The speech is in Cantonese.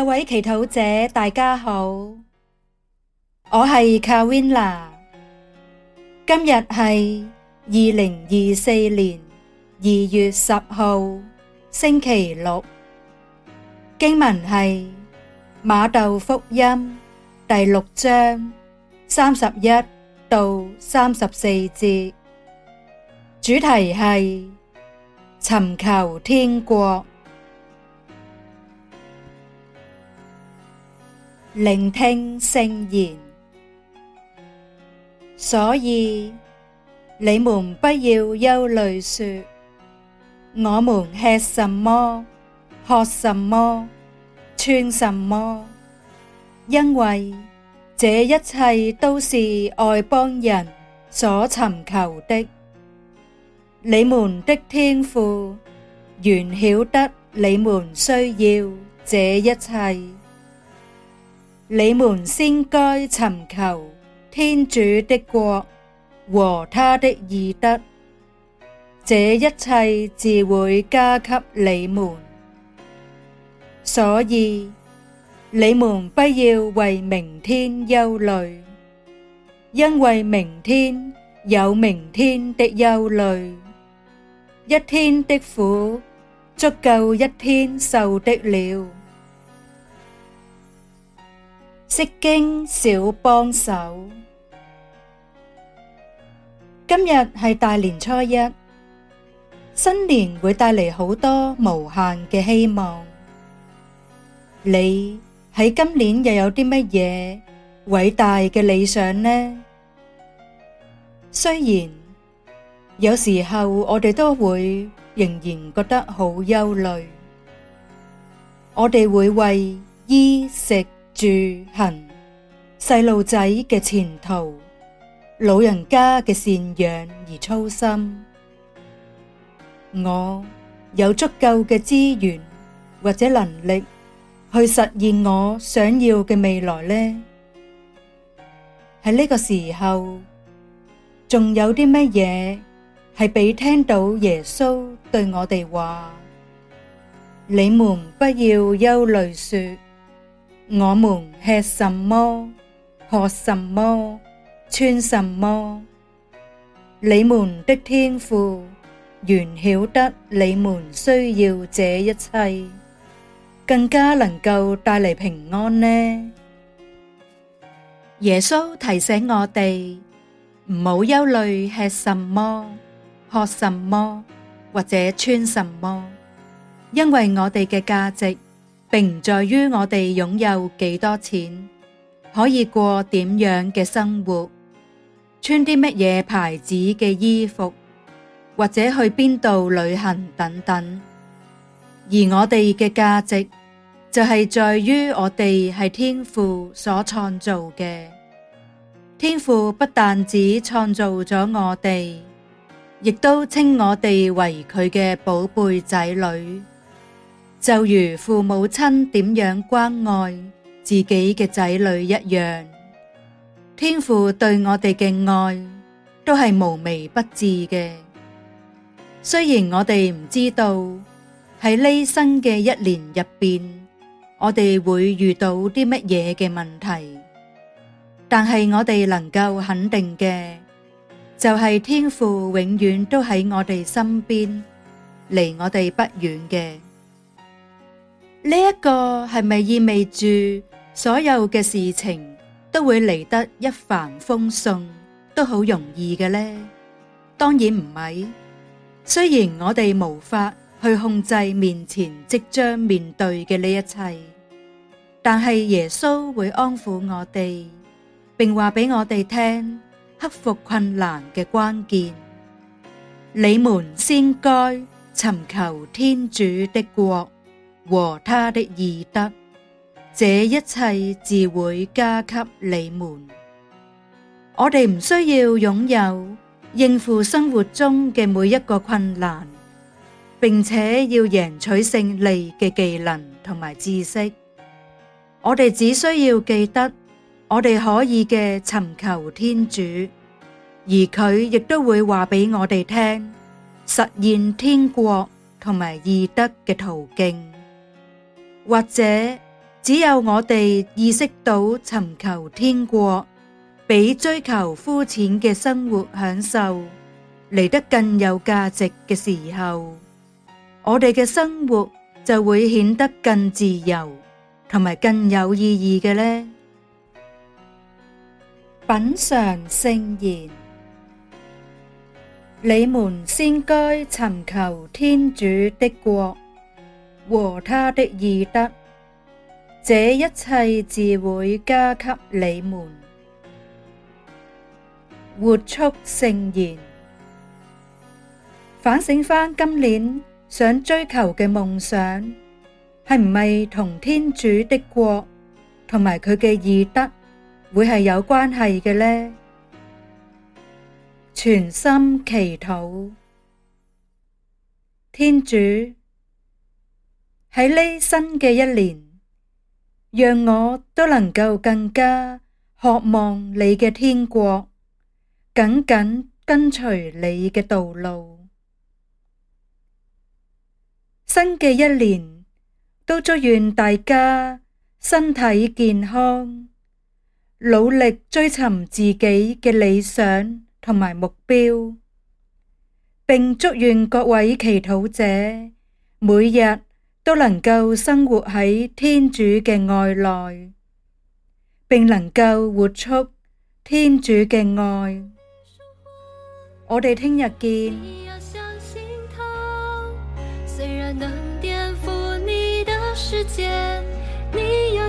各位祈禱者，大家好，我係 Karina，今日係二零二四年二月十號星期六，經文係馬竇福音第六章三十一到三十四節，主題係尋求天國。聆聽聖言，所以你們不要憂慮，說我們吃什麼，喝什麼，穿什麼？因為這一切都是外邦人所尋求的。你們的天父原曉得你們需要這一切。你們先該尋求天主的國和他的義德，這一切自會加給你們。所以你們不要為明天憂慮，因為明天有明天的憂慮，一天的苦足夠一天受的了。釋經小幫手，今日係大年初一，新年會帶嚟好多無限嘅希望。你喺今年又有啲乜嘢偉大嘅理想呢？雖然有時候我哋都會仍然覺得好憂慮，我哋會為衣食。住行細路仔嘅前途，老人家嘅贍養而操心。我有足夠嘅資源或者能力去實現我想要嘅未來呢？喺呢個時候，仲有啲乜嘢係俾聽到耶穌對我哋話：你們不要憂慮說。我們吃什麼、喝什麼、穿什麼？你們的天父原曉得你們需要這一切，更加能夠帶嚟平安呢？耶穌提醒我哋唔好憂慮吃什麼、喝什麼或者穿什麼，因為我哋嘅價值。並唔在於我哋擁有幾多錢，可以過點樣嘅生活，穿啲乜嘢牌子嘅衣服，或者去邊度旅行等等。而我哋嘅價值，就係在於我哋係天父所創造嘅。天父不但只創造咗我哋，亦都稱我哋為佢嘅寶貝仔女。就如父母親點樣關愛自己嘅仔女一樣，天父對我哋嘅愛都係無微不至嘅。雖然我哋唔知道喺呢新嘅一年入邊，我哋會遇到啲乜嘢嘅問題，但係我哋能夠肯定嘅就係、是、天父永遠都喺我哋身邊，離我哋不遠嘅。呢一個係咪意味住所有嘅事情都會嚟得一帆風順，都好容易嘅呢？當然唔係。雖然我哋無法去控制面前即將面對嘅呢一切，但係耶穌會安撫我哋，並話俾我哋聽，克服困難嘅關鍵，你們先該尋求天主的國。和他的義德，這一切自會加給你們。我哋唔需要擁有應付生活中嘅每一個困難，並且要贏取勝利嘅技能同埋知識。我哋只需要記得，我哋可以嘅尋求天主，而佢亦都會話俾我哋聽實現天國同埋義德嘅途徑。或者只有我哋意識到尋求天國，比追求膚淺嘅生活享受嚟得更有價值嘅時候，我哋嘅生活就會顯得更自由，同埋更有意義嘅呢。品嘗聖言，你們先該尋求天主的國。和他的義德，這一切自會加給你們。活出聖言。反省翻今年想追求嘅夢想，係唔係同天主的國同埋佢嘅義德會係有關係嘅呢？全心祈禱，天主。喺呢新嘅一年，讓我都能夠更加渴望你嘅天國，緊緊跟隨你嘅道路。新嘅一年，都祝願大家身體健康，努力追尋自己嘅理想同埋目標，並祝願各位祈禱者每日。都能夠生活喺天主嘅愛內，並能夠活出天主嘅愛。我哋聽日見。你要